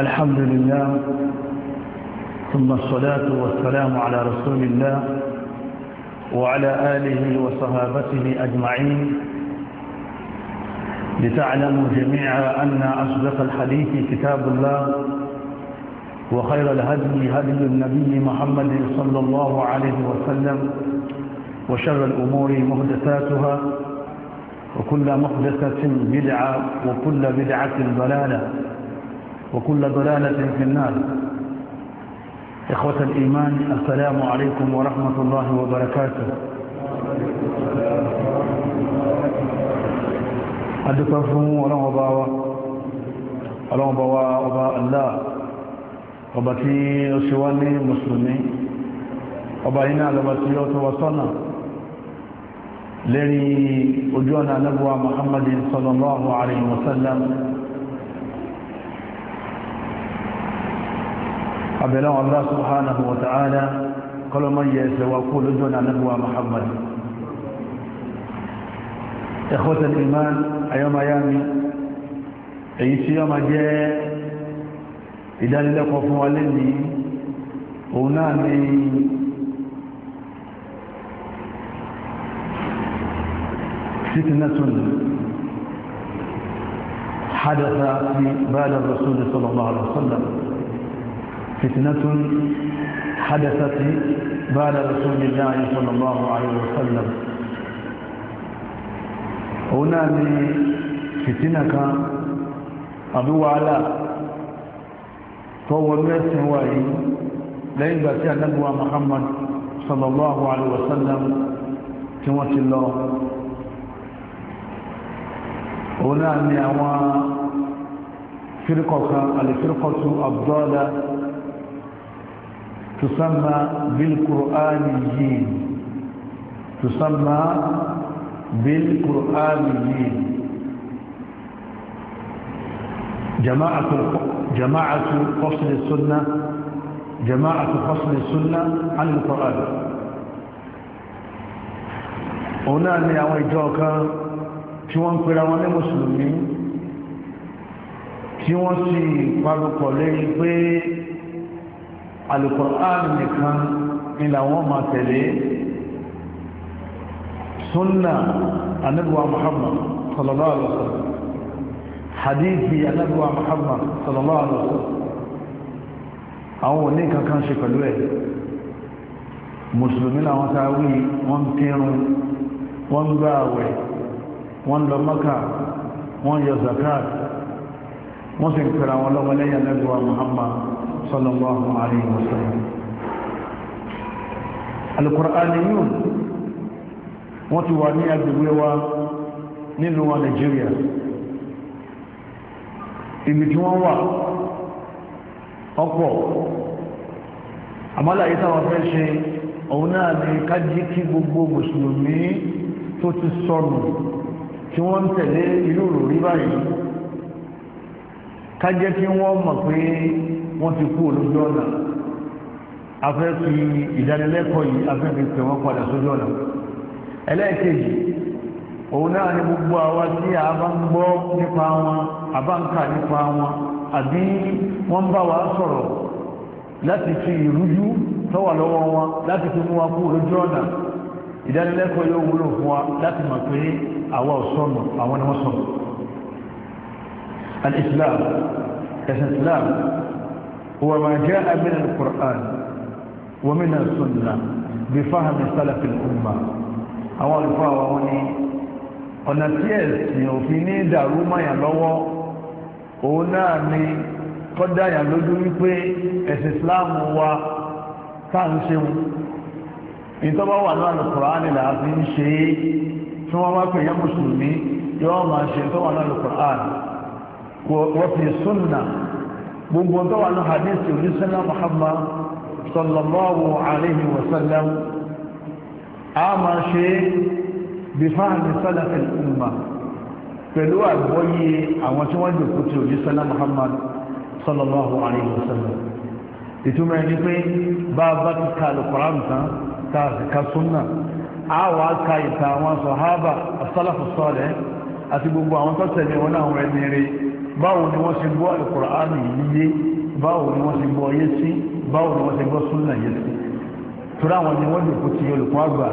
الحمد لله ثم الصلاة والسلام على رسول الله وعلى آله وصحابته أجمعين لتعلموا جميعا أن أصدق الحديث كتاب الله وخير الهدي هدي النبي محمد صلى الله عليه وسلم وشر الأمور محدثاتها وكل محدثة بدعة وكل بدعة ضلالة وكل ضلالة في النار إخوة الإيمان السلام عليكم ورحمة الله وبركاته أدفعهم ولهم أباوة ولهم أباوة أباء الله وبكي أسواني وبعين على لبسيوت وصنع لري أجوانا نبوى محمد صلى الله عليه وسلم قبله الله سبحانه وتعالى قال من يتوكل دون نبوة محمد إخوة الإيمان أيام أيام أيش يوم جاء إذا لك وفوالني ونامي فتنة حدث في بعد الرسول صلى الله عليه وسلم فتنة حدثت بعد رسول الله صلى الله عليه وسلم هنا فتنة أبو على فهو الناس وعي لين باتي النبوة محمد صلى الله عليه وسلم تمشي الله هنا أني أما فرقة الفرقة الضالة تسمى بالقران بالقرآنيين تسمى بالقرآنيين جماعة جماعة فصل السنة جماعة فصل السنة عن القرآن هنا ni àwọn ìjọ kan tí wọ́n ń pera wọn ní mùsùlùmí tí wọ́n alukur'an nìkan ilà wọn máa tẹ̀lé sunna anabuwa muhammad sallallahu alaihi wasallam hadithi anabuwa muhammad sallallahu alaihi wasallam àwọn òní kankan ṣe pẹ̀lú ẹ̀ mùsùlùmí làwọn ta wí wọ́n tírun wọ́n gbá àwẹ̀ wọ́n lọ mọ́kà wọ́n yọ zakat wọ́n sì ń pẹ̀lú àwọn lọ́wọ́ lẹ́yìn muhammad sallallahu alayhi wa sallam alukur'aniyun wọ́n ti wà ní agbègbè wa nílùú wa Nàìjíríà ibi tí wọ́n wà ọ̀pọ̀ àmọ́láyé táwọn fẹ́ ṣe òun náà ni kájí kí gbogbo mùsùlùmí tó ti sọnù tí wọ́n ń tẹ̀lé irú òrí báyìí kájẹ́ kí wọ́n mọ̀ pé wọ́n ti kú olójú ọ̀nà afẹ́ fi ìdánilẹ́kọ̀ọ́ yìí afẹ́ fi pè wọ́n padà sójú ọ̀nà ẹlẹ́ẹ̀kejì òun náà ni gbogbo àwa tí a bá ń gbọ́ nípa wọn a bá ń kà nípa wọn àbí wọ́n bá wa sọ̀rọ̀ láti fi ìrújú tó wà lọ́wọ́ wọn láti fi mú wa kú olójú ọ̀nà ìdánilẹ́kọ̀ọ́ yóò wúlò fún wa láti mọ̀ pé àwa ò sọnù àwọn ni wọ́n sọnù al-Islam ẹ̀sìn Islam هو ما جاء من القرآن ومن السنة بفهم سلف الأمة أول فاوني أنا تيس يوفيني داروما يلوو أوناني قد يلدوني في الإسلام هو تانشيو إنتبا وانوا القرآن العظيم شيء ثم ما كان يمسلمي يوم ما شيء وانوا القرآن وفي السنة gbogbo tó wà ní hadith onísẹ́lá muhammad sallallahu alaihi wasallam a ma ṣe bí fáhàmì sálàfẹ́ umma pẹ̀lú àgbọ́yé àwọn tí wọ́n jòkó tí onísẹ́lá muhammad sallallahu alaihi wasallam ìtumọ̀ ẹni pé bá bá ti ka alukọ̀rán tán ká súnà a wà ka ìta àwọn sọ̀hábà asálàfẹ́ sọ́ọ̀lẹ̀ àti gbogbo àwọn tó wọn náà wọn ẹni báwo ni wọ́n ṣe gbọ́ ìkùránì yíyé báwo ni wọ́n ṣe gbọ́ yé sí báwo ni wọ́n ṣe gbọ́ súnà yé sí tura wọn ni wọ́n dìkú ti olùkọ́ àgbà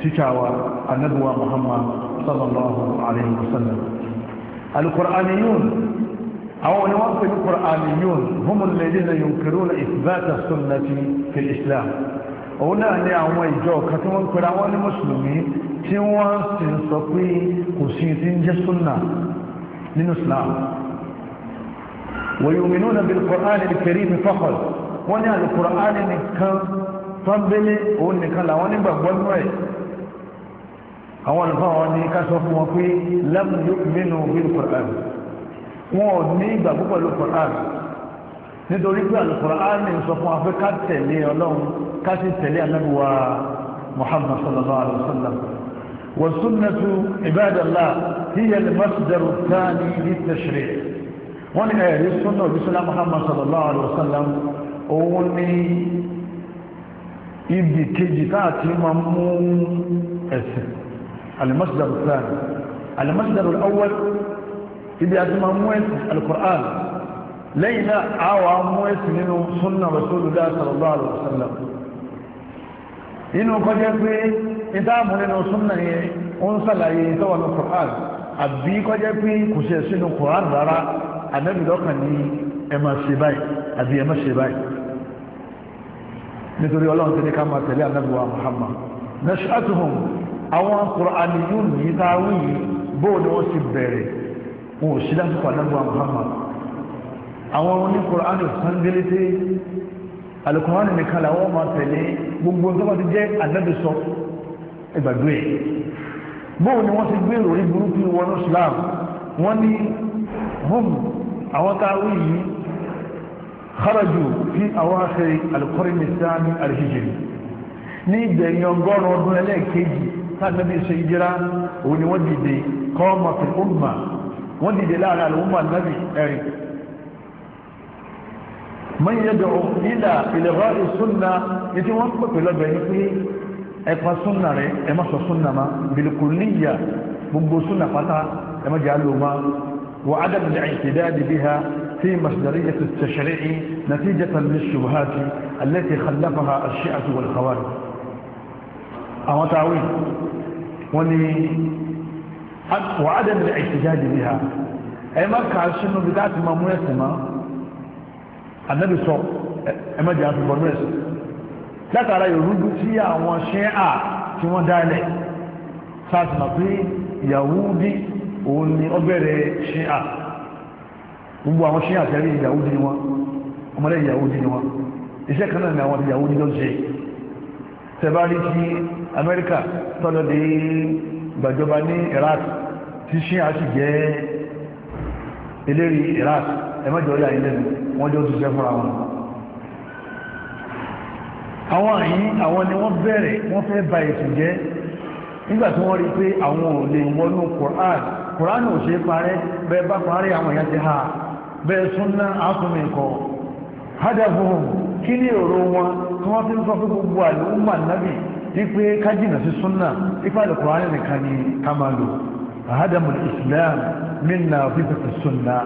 tíṣà wa anábíwa muhammad sallallahu alayhi wa sallam alùkùránì yóò àwọn ni wọ́n nínú Islam wọ̀yọ̀mìnú na bí kọ̀ránì kẹrí mi fọ́kọ̀lù wọ́n ní alùkùránì nìkan tọ́bílé òun nìkan làwọn nígbàgbọ́ nínú ẹ̀ àwọn olùkọ́ àwọn ní ká sọ fún wọn pé lẹ́mùnú bí kọ̀ránì wọn ò ní ìgbàgbọ́ pẹ̀lú kọ̀ránì nítorí pé alùkùránì sọ fún wa pé ká tẹ̀lé ọlọ́run ká sì tẹ̀lé anábùwà Muhammad sallallahu alaihi wa sallam wọ́n sunnatu ibadallah هي المصدر الثاني للتشريع وانا اهل السنة وبسنة محمد صلى الله عليه وسلم اوني ابدي تجفات ممون اسم المصدر الثاني المصدر الاول ابدي ممون القرآن ليس عوى مويس سنة رسول الله صلى الله عليه وسلم إنه قد يقول إذا أمون سنة أنصى لأيه سوى من القرآن àbí kọjá pé kò ṣe sínú Kùránì rárá ànábì lọ́kàn ní ẹ máa ṣe báyìí àbí ẹ máa ṣe báyìí nítorí ọlọ́run ti ní ká máa tẹ̀lé ànábì wa Muhammad nashatuhum àwọn Kùránìyún yìí tá a wí yìí bóò ni wọ́n ti bẹ̀rẹ̀ wọn ò sí lásìkò ànábì wa Muhammad àwọn oní Kùránì sangilite alukùránì nìkan làwọn máa tẹ̀lé gbogbo nǹkan ti jẹ́ ànábì sọ ẹgbàgbé yìí bóò ni wọ́n ti gbé ìròyìn burúkú wọnú Islam wọ́n ní hum àwọn táwí yìí kharaju fi àwọn aṣẹ́rẹ̀ alukọ́rin islami alhijiri ní ìgbẹ̀yìn ọgọ́rùn ọdún ẹlẹ́ẹ̀kejì sáàbẹ̀bí ṣe ìjírá òun ni wọ́n dìde kọ́ọ̀mọ̀ fi umma wọ́n dìde láàrin alùmọ̀ ẹ̀pà súnà rẹ̀ ẹ má sọ súnà ma bìlìkùlíyà gbogbo súnà pátá ẹ má jẹ́ àlò ma wà á dàbí ìṣẹ̀dáàdì bí ha tí masdariya ti tẹ̀ṣẹ̀rẹ̀ ì natija tàbí ṣubhati alẹ́tì khallafaha aṣíàtì wal khawari àwọn táwí wọ́n ni wà á dàbí ìṣẹ̀dáàdì bí ha ẹ má kà á sínú bí láti máa mú ẹ̀sìn ma annabi sọ ẹ má jẹ́ àtúbọ̀ mú ẹ̀sìn látara ìrújú tí àwọn ṣẹ́à tí wọ́n dálẹ̀ sásìmọ̀ pé Yahudi òun ni ó bẹ̀rẹ̀ ṣẹ́à gbogbo àwọn ṣẹ́à tẹ́rí Yahudi ni wọ́n ọmọlẹ́ Yahudi ni wọ́n iṣẹ́ kan náà ni àwọn Yahudi ló ṣe tẹ̀bárí ti Amẹ́ríkà tọ́lọ́ dé gbàjọba ní Iraq tí ṣẹ́à sì jẹ́ eléri Iraq ẹ̀mẹ́jọ yà ilẹ̀ wọ́n jọ ṣiṣẹ́ fúnra wọn àwọn àyí àwọn ni wọ́n bẹ̀rẹ̀ wọ́n fẹ́ ba ètò jẹ́ nígbà tí wọ́n rí pé àwọn ò lè wọnú Qur'an Qur'an ò ṣe parẹ́ bẹ́ẹ̀ bá parẹ́ àwọn ha bẹ́ẹ̀ súnná àtúnmẹ̀kọ́ hadafuhum kí ní èrò wọn tí wọ́n fi ń sọ fún gbogbo àlùmọ̀ nábì wípé kájìnà sí súnná ipa lè nìkan ni ká máa lò hadamu islam minna fífẹ́ súnná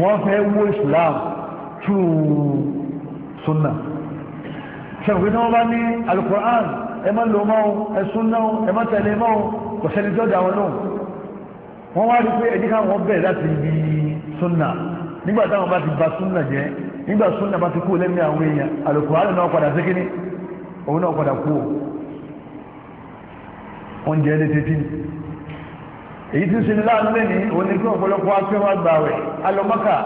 wọ́n fẹ́ islam súnná ṣẹ̀wé náà bá ní alukur'an ẹ má lò mọ́ ẹ̀sùn náà ẹ má tẹ̀lé mọ́ kò sẹ́ni tó dà wọn lóhùn wọ́n wá rí pé ẹni káwọn bẹ̀rẹ̀ láti ibi sunna nígbà táwọn bá ti ba sunna jẹ́ nígbà sunna bá ti kú lẹ́mí àwọn èèyàn alukur'an náà padà sí kíní òun náà padà kú oúnjẹ èyí tí ń sinmi láàánú lẹ́ni òun ni kí ọ̀pọ̀lọpọ̀ akẹ́wàá gbà rẹ̀ alọ́mọ́kà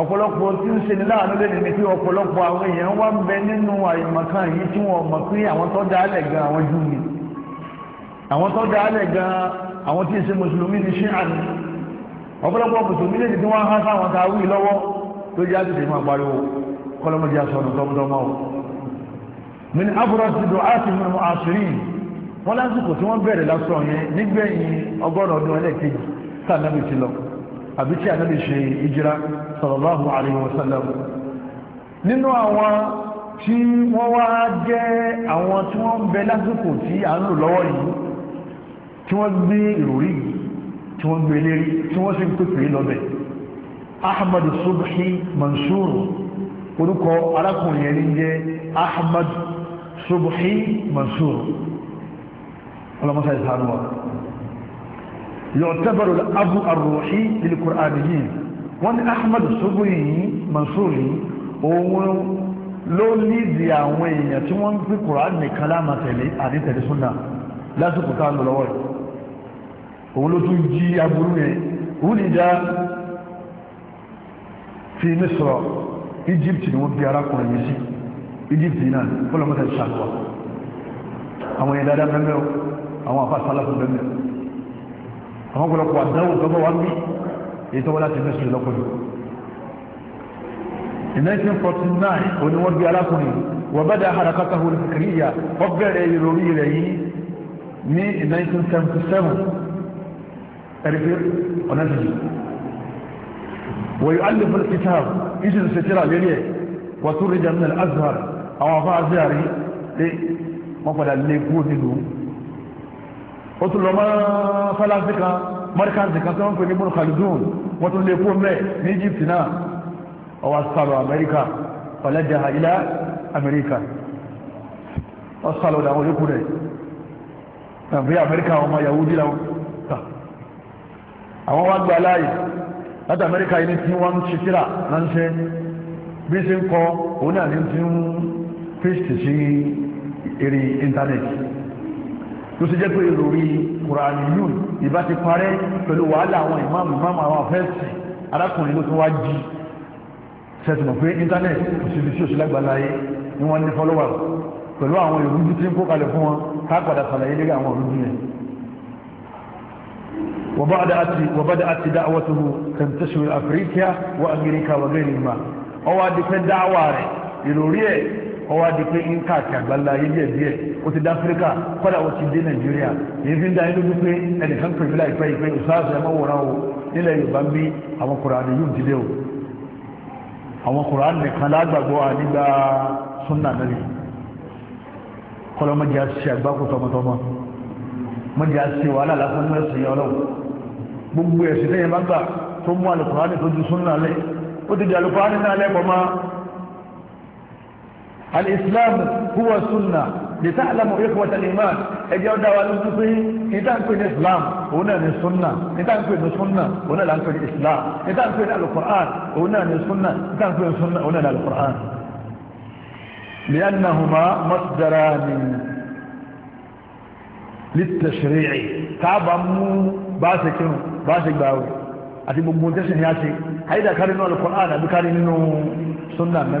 ọ̀pọ̀lọpọ̀ tí ń ṣe ní láàánú lé nínú pé ọ̀pọ̀lọpọ̀ àwọn èèyàn wá ń bẹ nínú àìmọ̀kan yìí tí wọ́n mọ̀ pé àwọn tó dáálẹ̀ gan àwọn jù ní àwọn tó dáálẹ̀ gan àwọn tí ń ṣe mùsùlùmí ní ṣíà ní ọ̀pọ̀lọpọ̀ mùsùlùmí lè tí wọ́n há sáwọn ta wí lọ́wọ́ tó jẹ́ àti tèmi àpariwo kọlọmọdé asọ̀nù tọmọtọmọ o min afurasi do a ti mú àṣírí wọn lásìkò tí wọ́n bẹ̀rẹ̀ àbí tí ànábì ṣe ìjírá sallallahu alaihi wasallam nínú àwọn tí wọ́n wá jẹ́ àwọn tí wọ́n ń bẹ lásìkò tí a ń lò lọ́wọ́ yìí tí wọ́n gbé ìròrí yìí tí wọ́n gbé lérí tí wọ́n sì ń pèpè lọ́bẹ̀ ahmad subhi mansur orúkọ arákùnrin ẹni jẹ́ ahmad subhi mansur ọlọ́mọsáyé sáà يعتبر الأب الروحي للقرآنيين وأن أحمد صبري منصوري هو ló nídìí àwọn èèyàn tí wọ́n ń pín kùránì nìkan láàmà tẹ̀lé àdítẹ̀lé súnà lásìkò tá ń lọ lọ́wọ́ òun ló tún jí aburú yẹn òun ní ìjà fi mísọ̀rọ̀ Egypt ni wọ́n bí arákùnrin yìí sí Egypt náà fọlọ́mọ́tẹ̀ ṣàkóso àwọn èèyàn dáadáa bẹ́ẹ̀ mẹ́wọ́ àwọn àfáà sálà fún bẹ́ẹ̀ mẹ́wọ́ àwọn ọ̀pọ̀lọpọ̀ àdáwò tó wá bí èyí tó láti mẹ́sùn lọ́pọ̀lù in 1949 òní wọ́n bí alákùnrin wọ́n bá dá harakata wọ́n bẹ̀rẹ̀ ìròrí rẹ̀ yìí ní 1977 ẹ̀rẹ́fẹ́ ọ̀nà jìjì wọ́n yóò alẹ́ fún kitab ìṣẹ́ sẹ́tìrà lérí ẹ̀ wọ́n tún rí jamil ó tún lọ mọ́ fẹ́láńsì kan mọ́ríkàǹsì kan tó ń pè ní bùn khalidun wọ́n tún lè fún mẹ́ ní egypt náà ọwọ́ sálọ amẹ́ríkà ọ̀lẹ́jà ilẹ̀ amẹ́ríkà ọ sálọ làwọn yòókù rẹ̀ tàbí amẹ́ríkà ọmọ yahudi làwọn ta àwọn wá gba láàyè láti amẹ́ríkà yìí tí wọ́n ń ṣe síra ránṣẹ́ bí ṣe ń kọ òun náà ní ti ń pèsè sí eré íńtánẹ́ẹ̀tì tó ṣe jẹ́ pé lórí kùránì yùn ìbá ti parẹ́ pẹ̀lú wàhálà àwọn ìmáàmù ìmáàmù àwọn afẹ́sì arákùnrin ló tún wá jí sẹ́tùmọ̀ pé íńtánẹ́ẹ̀tì kò sí ibi tí òṣìlẹ̀ gbàláyé ni wọ́n ní fọ́lọ́wà pẹ̀lú àwọn ìrújú tí ń kó kalẹ̀ fún wọn ká sàlàyé lé àwọn ìrújú yẹn وبدأت دعوته تنتشر أفريقيا وأمريكا وغيرهما أو أدفن دعوة لوريه ọwọ́ adi pé inca àti àgbàlá yé díẹ̀ díẹ̀ ó ti dá áfíríkà kọ́dà ó ti dé nàìjíríà èyí fi ń da inú wípé ẹnìkan pè mí láìpẹ́ yìí pé òṣàṣẹ ẹmọ wòran o nílẹ̀ yorùbá ń bí àwọn kùránì yóò ti dé o àwọn kùránì nìkan lágbàgbọ́ ànígbà súnà nàbì kọlọmọdé àṣìṣe àgbákò tọmọtọmọ mọdé àṣìṣe wàhálà lásán ní ẹsìn ọlọ́run gbogbo ẹsìn tẹyẹ bá gbà tó mú alùpùránì tó ju súnà lẹ ó ti di alùpùránì náà lẹ́kọ̀ọ́ máa الإسلام هو سنة لتعلموا إخوة الإيمان ẹjẹ́ ọ̀dá wa ló tún pé ìtànkù ní islam òun náà ni sunna ìtànkù ní sunna òun náà láńkù ní islam ìtànkù ní alukur'an òun náà ni sunna ìtànkù ní sunna òun náà ni alukur'an لأنهما مصدران للتشريع káàbà mú bá ṣe kírun bá ṣe gbààwẹ̀ àti gbogbo tẹ́sìn yá ṣe àyídà kárí nínú alukur'an àbí kárí nínú sunna náà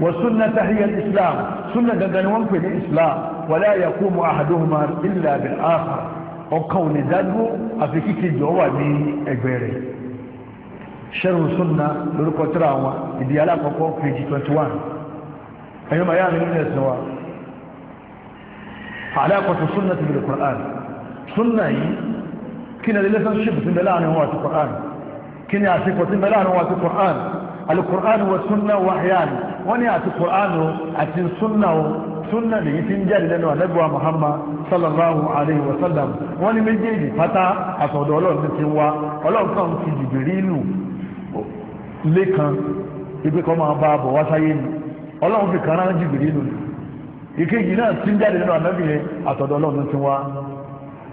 والسنة هي الإسلام سنة دنوان في الإسلام ولا يقوم أحدهما إلا بالآخر وقول ذلك أفكيك الجواب أكبره شرح سنة لرقوة تراوة إذا يلاقوا في جي 21 أيما يعني من السواء علاقة السنة بالقرآن سنة كنا للسنشب في ملانه هو القرآن kí ni àsìkò tí mẹ́lá àwọn àti Qur'an al-Qur'an wa sunna wa ahyan wọ́n ni àti Qur'an àti sunna o sunna nìyí tí ń jẹ́ ìlẹ́nu àlẹ́bùwa Muhammad sallallahu alayhi wa sallam wọ́n ni méjèèjì pátá àtọ̀dọ̀ ọlọ́run ti wá ọlọ́run kan ti Jibrilu lẹ́kan ibi kan máa bá bọ̀ wá sáyé ni ọlọ́run fi kan rán Jibrilu ìkejì náà tí ń jáde nínú ànábìyẹn àtọ̀dọ̀ ọlọ́run ti wá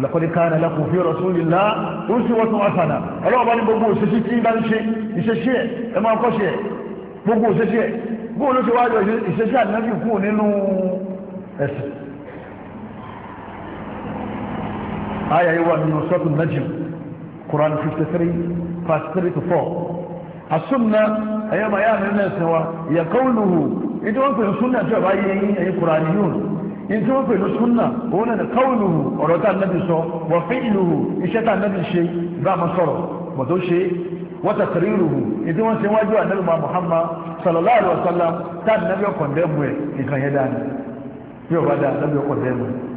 laqad kana lakum fi rasulillahi uswatun hasana ọlọ́wọ́ bá ní gbogbo òṣìṣẹ́ tí bá ń ṣe ìṣeṣẹ́ ẹ̀ ẹ máa kọ́ṣe ẹ̀ gbogbo òṣìṣẹ́ ẹ̀ gbogbo ló ṣe wáyọ ìṣeṣẹ́ ànábì kú nínú ẹ̀sìn aya yìí nínú sọ́tún najm quran 53 verse 3 to 4 asúnna nínú ẹ̀sìn wa yẹ kọ́ọ̀lù ìtí wọ́n pè ní súnà òun náà kọ́ọ̀lùhù ọ̀rọ̀ tá nàbì sọ wọ́n fi ìlùhù iṣẹ́ tá nàbì ṣe bá ma sọ̀rọ̀ mọ̀ tó ṣe wọ́n ta tẹ̀rí ìlùhù ìtí wọ́n ṣe wájú ànábì ma Muhammad sallallahu alaihi wasallam tá nàbì ọkọ̀ dẹ́mu ẹ̀ nǹkan yẹn dáa ni bí ọba dáa nàbì ọkọ̀ dẹ́mu ẹ̀